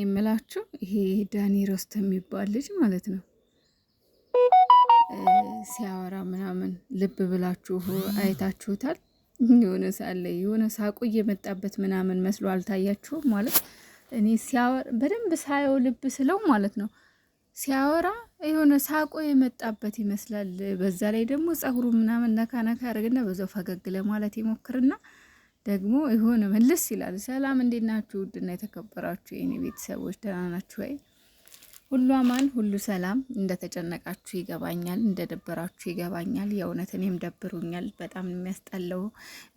የምላችሁ ይሄ ዳኒ ሮስት የሚባል ልጅ ማለት ነው። ሲያወራ ምናምን ልብ ብላችሁ አይታችሁታል። የሆነ ሳለ የሆነ ሳቁ እየመጣበት ምናምን መስሎ አልታያችሁም? ማለት እኔ ሲያወራ በደንብ ሳየው ልብ ስለው ማለት ነው ሲያወራ የሆነ ሳቆ የመጣበት ይመስላል። በዛ ላይ ደግሞ ጸጉሩ ምናምን ነካ ነካ ያደርግና በዛው ፈገግ ለማለት ይሞክርና ደግሞ የሆነ መለስ ይላል። ሰላም እንዴት ናችሁ? ውድና የተከበራችሁ የኔ ቤተሰቦች ደህና ናችሁ ወይ? ሁሉ አማን፣ ሁሉ ሰላም። እንደተጨነቃችሁ ይገባኛል፣ እንደደበራችሁ ይገባኛል። የእውነት እኔም ደብሩኛል። በጣም የሚያስጠላው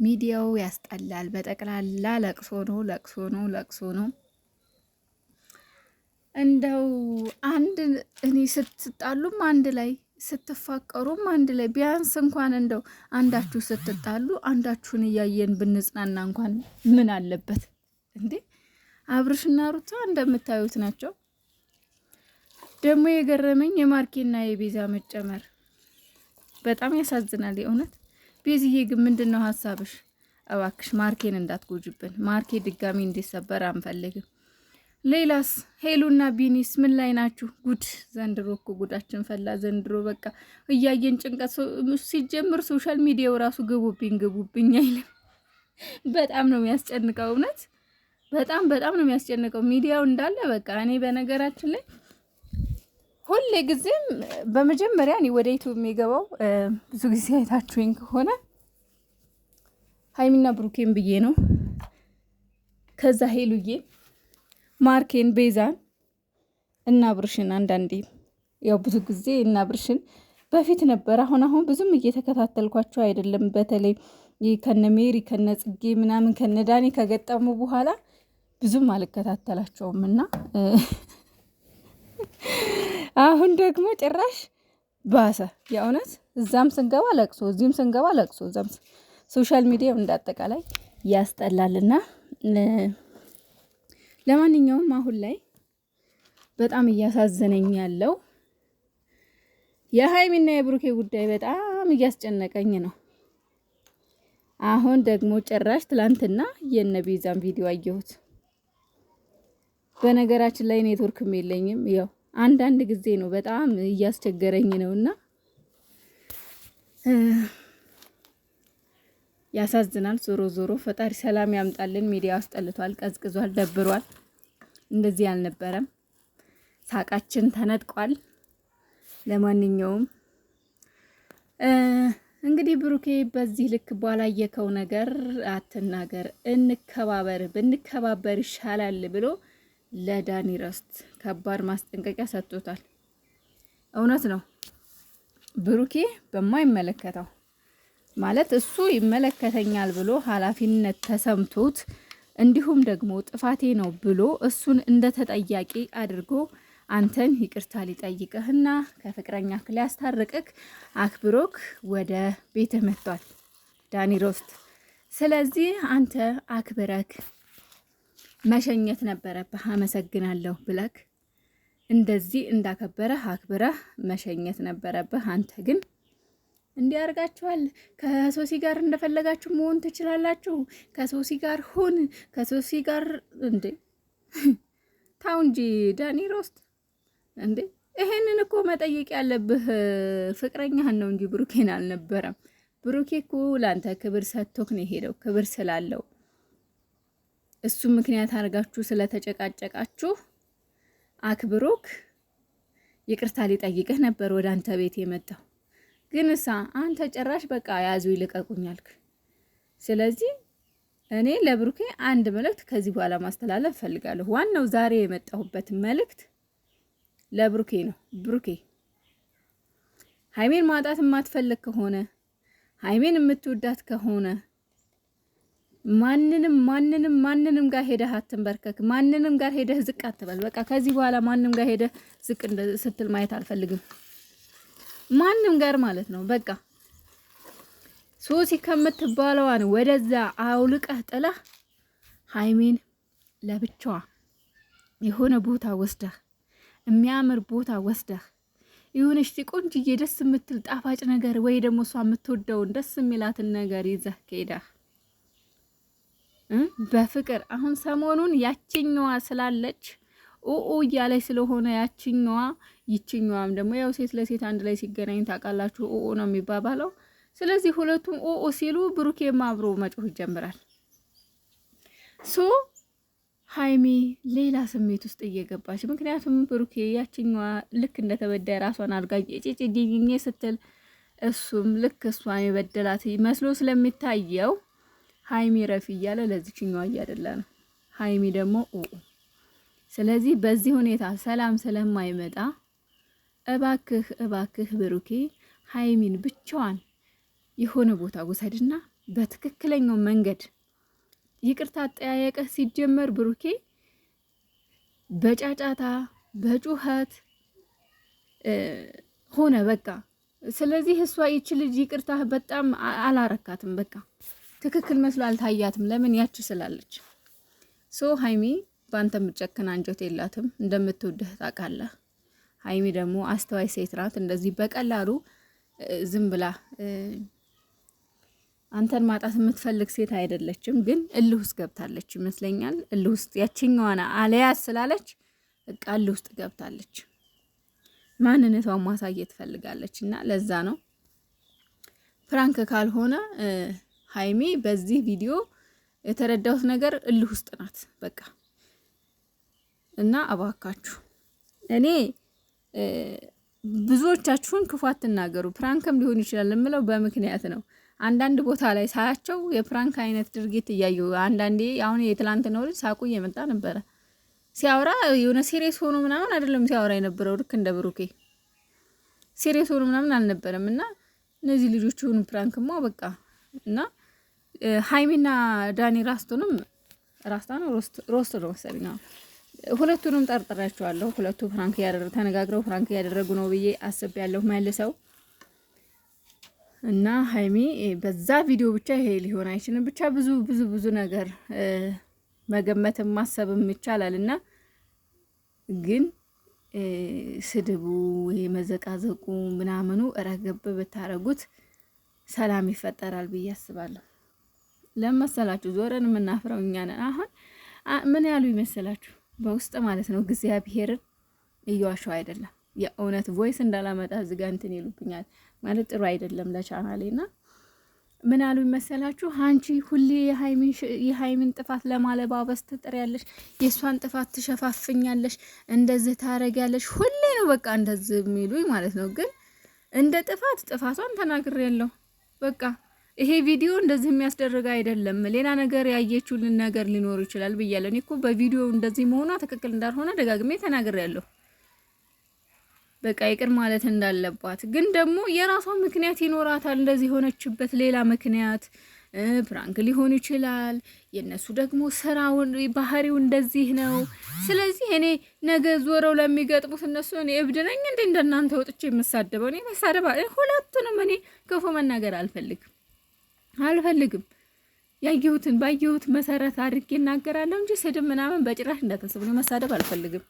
ሚዲያው ያስጠላል። በጠቅላላ ለቅሶ ነው፣ ለቅሶ ነው፣ ለቅሶ ነው። እንደው አንድ እኔ ስትጣሉም አንድ ላይ ስትፋቀሩም አንድ ላይ ቢያንስ እንኳን እንደው አንዳችሁ ስትጣሉ አንዳችሁን እያየን ብንጽናና እንኳን ምን አለበት እንዴ? አብርሽና ሩታ እንደምታዩት ናቸው። ደግሞ የገረመኝ የማርኬና የቤዛ መጨመር በጣም ያሳዝናል። የእውነት ቤዝዬ ግን ምንድን ነው ሀሳብሽ? እባክሽ ማርኬን እንዳትጎጅብን። ማርኬ ድጋሚ እንዲሰበር አንፈልግም። ሌላስ ሄሉና ቢኒስ ምን ላይ ናችሁ? ጉድ ዘንድሮ እኮ ጉዳችን ፈላ። ዘንድሮ በቃ እያየን ጭንቀት ሲጀምር ሶሻል ሚዲያው ራሱ ግቡብኝ ግቡብኝ አይልም። በጣም ነው የሚያስጨንቀው። እውነት በጣም በጣም ነው የሚያስጨንቀው ሚዲያው እንዳለ በቃ። እኔ በነገራችን ላይ ሁሌ ጊዜም በመጀመሪያ እኔ ወደ ዩቱብ የሚገባው ብዙ ጊዜ አይታችሁኝ ከሆነ ሀይሚና ብሩኬን ብዬ ነው ከዛ ሄሉዬ ማርኬን ቤዛን እና ብርሽን አንዳንዴ ያው ብዙ ጊዜ እና ብርሽን በፊት ነበር። አሁን አሁን ብዙም እየተከታተልኳቸው አይደለም። በተለይ ከነ ሜሪ ከነ ጽጌ ምናምን ከነ ዳኒ ከገጠሙ በኋላ ብዙም አልከታተላቸውም እና አሁን ደግሞ ጭራሽ ባሰ። የእውነት እዛም ስንገባ ለቅሶ፣ እዚህም ስንገባ ለቅሶ፣ እዛም ሶሻል ሚዲያው እንዳጠቃላይ ያስጠላልና ለማንኛውም አሁን ላይ በጣም እያሳዘነኝ ያለው የሀይሚና የብሩኬ ጉዳይ በጣም እያስጨነቀኝ ነው። አሁን ደግሞ ጭራሽ ትላንትና የነ ቤዛን ቪዲዮ አየሁት። በነገራችን ላይ ኔትወርክም የለኝም ያው አንዳንድ ጊዜ ነው በጣም እያስቸገረኝ ነውና ያሳዝናል። ዞሮ ዞሮ ፈጣሪ ሰላም ያምጣልን። ሚዲያ አስጠልቷል፣ ቀዝቅዟል፣ ደብሯል። እንደዚህ አልነበረም። ሳቃችን ተነጥቋል። ለማንኛውም እንግዲህ ብሩኬ በዚህ ልክ የከው ነገር አትናገር፣ እንከባበር፣ ብንከባበር ይሻላል ብሎ ለዳኒ ረስት ከባድ ማስጠንቀቂያ ሰጥቶታል። እውነት ነው ብሩኬ በማይመለከተው ማለት እሱ ይመለከተኛል ብሎ ኃላፊነት ተሰምቶት እንዲሁም ደግሞ ጥፋቴ ነው ብሎ እሱን እንደ ተጠያቂ አድርጎ አንተን ይቅርታ ሊጠይቅህና ከፍቅረኛ ሊያስታርቅህ አክብሮክ ወደ ቤትህ መጥቷል ዳኒ ሮስት። ስለዚህ አንተ አክብረክ መሸኘት ነበረብህ። አመሰግናለሁ ብለክ እንደዚህ እንዳከበረህ አክብረህ መሸኘት ነበረብህ። አንተ ግን እንዲያርጋችኋል ከሶሲ ጋር እንደፈለጋችሁ መሆን ትችላላችሁ። ከሶሲ ጋር ሁን፣ ከሶሲ ጋር እንዴ ታው እንጂ ዳኒ ሮስት እንዴ። ይሄንን እኮ መጠየቅ ያለብህ ፍቅረኛህን ነው እንጂ ብሩኬን አልነበረም። ብሩኬ እኮ ለአንተ ክብር ሰጥቶክ ነው የሄደው። ክብር ስላለው እሱ ምክንያት አድርጋችሁ ስለተጨቃጨቃችሁ አክብሮክ ይቅርታ ሊጠይቅህ ነበር ወደ አንተ ቤት የመጣው። ግን እሳ አንተ ጭራሽ በቃ ያዙ ይልቀቁኛልክ። ስለዚህ እኔ ለብሩኬ አንድ መልእክት ከዚህ በኋላ ማስተላለፍ ፈልጋለሁ። ዋናው ዛሬ የመጣሁበት መልእክት ለብሩኬ ነው። ብሩኬ ሀይሜን ማጣት የማትፈልግ ከሆነ ሀይሜን የምትወዳት ከሆነ ማንንም ማንንም ማንንም ጋር ሄደህ አትንበርከክ። ማንንም ጋር ሄደህ ዝቅ አትበል። በቃ ከዚህ በኋላ ማንም ጋር ሄደህ ዝቅ ስትል ማየት አልፈልግም። ማንም ጋር ማለት ነው። በቃ ሶሲ ከምትባለዋን ወደዛ አውልቀህ ጥለህ ሀይሜን ለብቻዋ የሆነ ቦታ ወስደህ የሚያምር ቦታ ወስደህ ይሁን እሺ፣ ቆንጅዬ ደስ የምትል ጣፋጭ ነገር ወይ ደግሞ እሷ የምትወደውን ደስ የሚላትን ነገር ይዘህ ከሄደህ በፍቅር አሁን ሰሞኑን ያችኛዋ ስላለች ኦኦ እያለች ስለሆነ ያችኛዋ ይችኛዋም ደግሞ ያው ሴት ለሴት አንድ ላይ ሲገናኝ ታውቃላችሁ ኦኦ ነው የሚባባለው። ስለዚህ ሁለቱም ኦኦ ሲሉ ብሩኬም አብሮ መጮህ ይጀምራል። ሶ ሀይሚ ሌላ ስሜት ውስጥ እየገባች ምክንያቱም ብሩኬ ያችኛዋ ልክ እንደተበዳይ ራሷን አድርጋ ጭጭጭኝ ስትል እሱም ልክ እሷን የበደላት መስሎ ስለሚታየው ሀይሚ ረፊ እያለ ለዚችኛዋ እያደላ ነው። ሀይሚ ደግሞ ኦኦ ስለዚህ በዚህ ሁኔታ ሰላም ስለማይመጣ እባክህ እባክህ ብሩኬ ሀይሚን ብቻዋን የሆነ ቦታ ውሰድና በትክክለኛው መንገድ ይቅርታ አጠያየቅህ ሲጀመር ብሩኬ በጫጫታ በጩኸት ሆነ በቃ። ስለዚህ እሷ ይቺ ልጅ ይቅርታ በጣም አላረካትም። በቃ ትክክል መስሎ አልታያትም። ለምን ያች ስላለች ሶ ሀይሚ በአንተ የምትጨክን አንጀት የላትም፣ እንደምትወድህ ታውቃለህ። ሀይሚ ደግሞ አስተዋይ ሴት ናት። እንደዚህ በቀላሉ ዝም ብላ አንተን ማጣት የምትፈልግ ሴት አይደለችም። ግን እልህ ውስጥ ገብታለች ይመስለኛል። እልህ ውስጥ ያችኛዋን አለያዝ ስላለች እቃ እልህ ውስጥ ገብታለች። ማንነቷን ማሳየት ትፈልጋለች እና ለዛ ነው ፍራንክ ካልሆነ ሀይሚ በዚህ ቪዲዮ የተረዳሁት ነገር እልህ ውስጥ ናት በቃ እና እባካችሁ እኔ ብዙዎቻችሁን ክፉ አትናገሩ። ፕራንክም ሊሆን ይችላል የምለው በምክንያት ነው። አንዳንድ ቦታ ላይ ሳያቸው የፕራንክ አይነት ድርጊት እያዩ አንዳንዴ አሁን ነው ልጅ ሳቁ እየመጣ ነበረ ሲያወራ የሆነ ሴሬስ ሆኖ ምናምን አይደለም ሲያወራ የነበረው ልክ እንደ ብሩኬ ሴሪየስ ሆኖ ምናምን አልነበረም። እና እነዚህ ልጆች ይሁን ፕራንክማ በቃ እና ሀይሚና ዳኒ ራስቶንም ራስታ ነው ሮስት ነው መሰለኝ ሁለቱንም ጠርጥሬያቸዋለሁ። ሁለቱ ፍራንክ ያደረ ተነጋግረው ፍራንክ እያደረጉ ነው ብዬ አስቤያለሁ መልሰው እና ሀይሚ በዛ ቪዲዮ ብቻ ይሄ ሊሆን አይችልም። ብቻ ብዙ ብዙ ብዙ ነገር መገመትም ማሰብም ይቻላል እና ግን ስድቡ መዘቃዘቁ ምናምኑ ረገብ ብታረጉት ሰላም ይፈጠራል ብዬ አስባለሁ። ለመሰላችሁ ዞረን የምናፍረው እኛ ነን። አሁን ምን ያሉ ይመስላችሁ? በውስጥ ማለት ነው። እግዚአብሔርን እየዋሸው አይደለም። የእውነት ቮይስ እንዳላመጣ ዝጋ እንትን ይሉብኛል ማለት ጥሩ አይደለም ለቻናሌ እና ምን አሉ ይመሰላችሁ? አንቺ ሁሌ የሀይሚን ጥፋት ለማለባበስ ትጥሪያለሽ፣ የእሷን ጥፋት ትሸፋፍኛለሽ፣ እንደዚህ ታረጊያለሽ። ሁሌ ነው በቃ እንደዚህ የሚሉኝ ማለት ነው። ግን እንደ ጥፋት ጥፋቷን ተናግሬያለሁ በቃ ይሄ ቪዲዮ እንደዚህ የሚያስደርግ አይደለም፣ ሌላ ነገር ያየችውን ነገር ሊኖር ይችላል ብያለሁ። እኔ እኮ በቪዲዮ እንደዚህ መሆኗ ትክክል እንዳልሆነ ደጋግሜ ተናግሬያለሁ። በቃ ይቅር ማለት እንዳለባት ግን ደግሞ የራሷ ምክንያት ይኖራታል። እንደዚህ የሆነችበት ሌላ ምክንያት ፕራንክ ሊሆን ይችላል። የእነሱ ደግሞ ስራውን ባህሪው እንደዚህ ነው። ስለዚህ እኔ ነገ ዞረው ለሚገጥሙት እነሱ እኔ እብድ ነኝ እንዴ እንደናንተ ወጥቼ የምሳደበው? እኔ መሳደባ ሁለቱንም እኔ ክፉ መናገር አልፈልግም። አልፈልግም። ያየሁትን ባየሁት መሰረት አድርጌ እናገራለሁ እንጂ ስድብ ምናምን በጭራሽ እንዳታስቡ፣ መሳደብ አልፈልግም።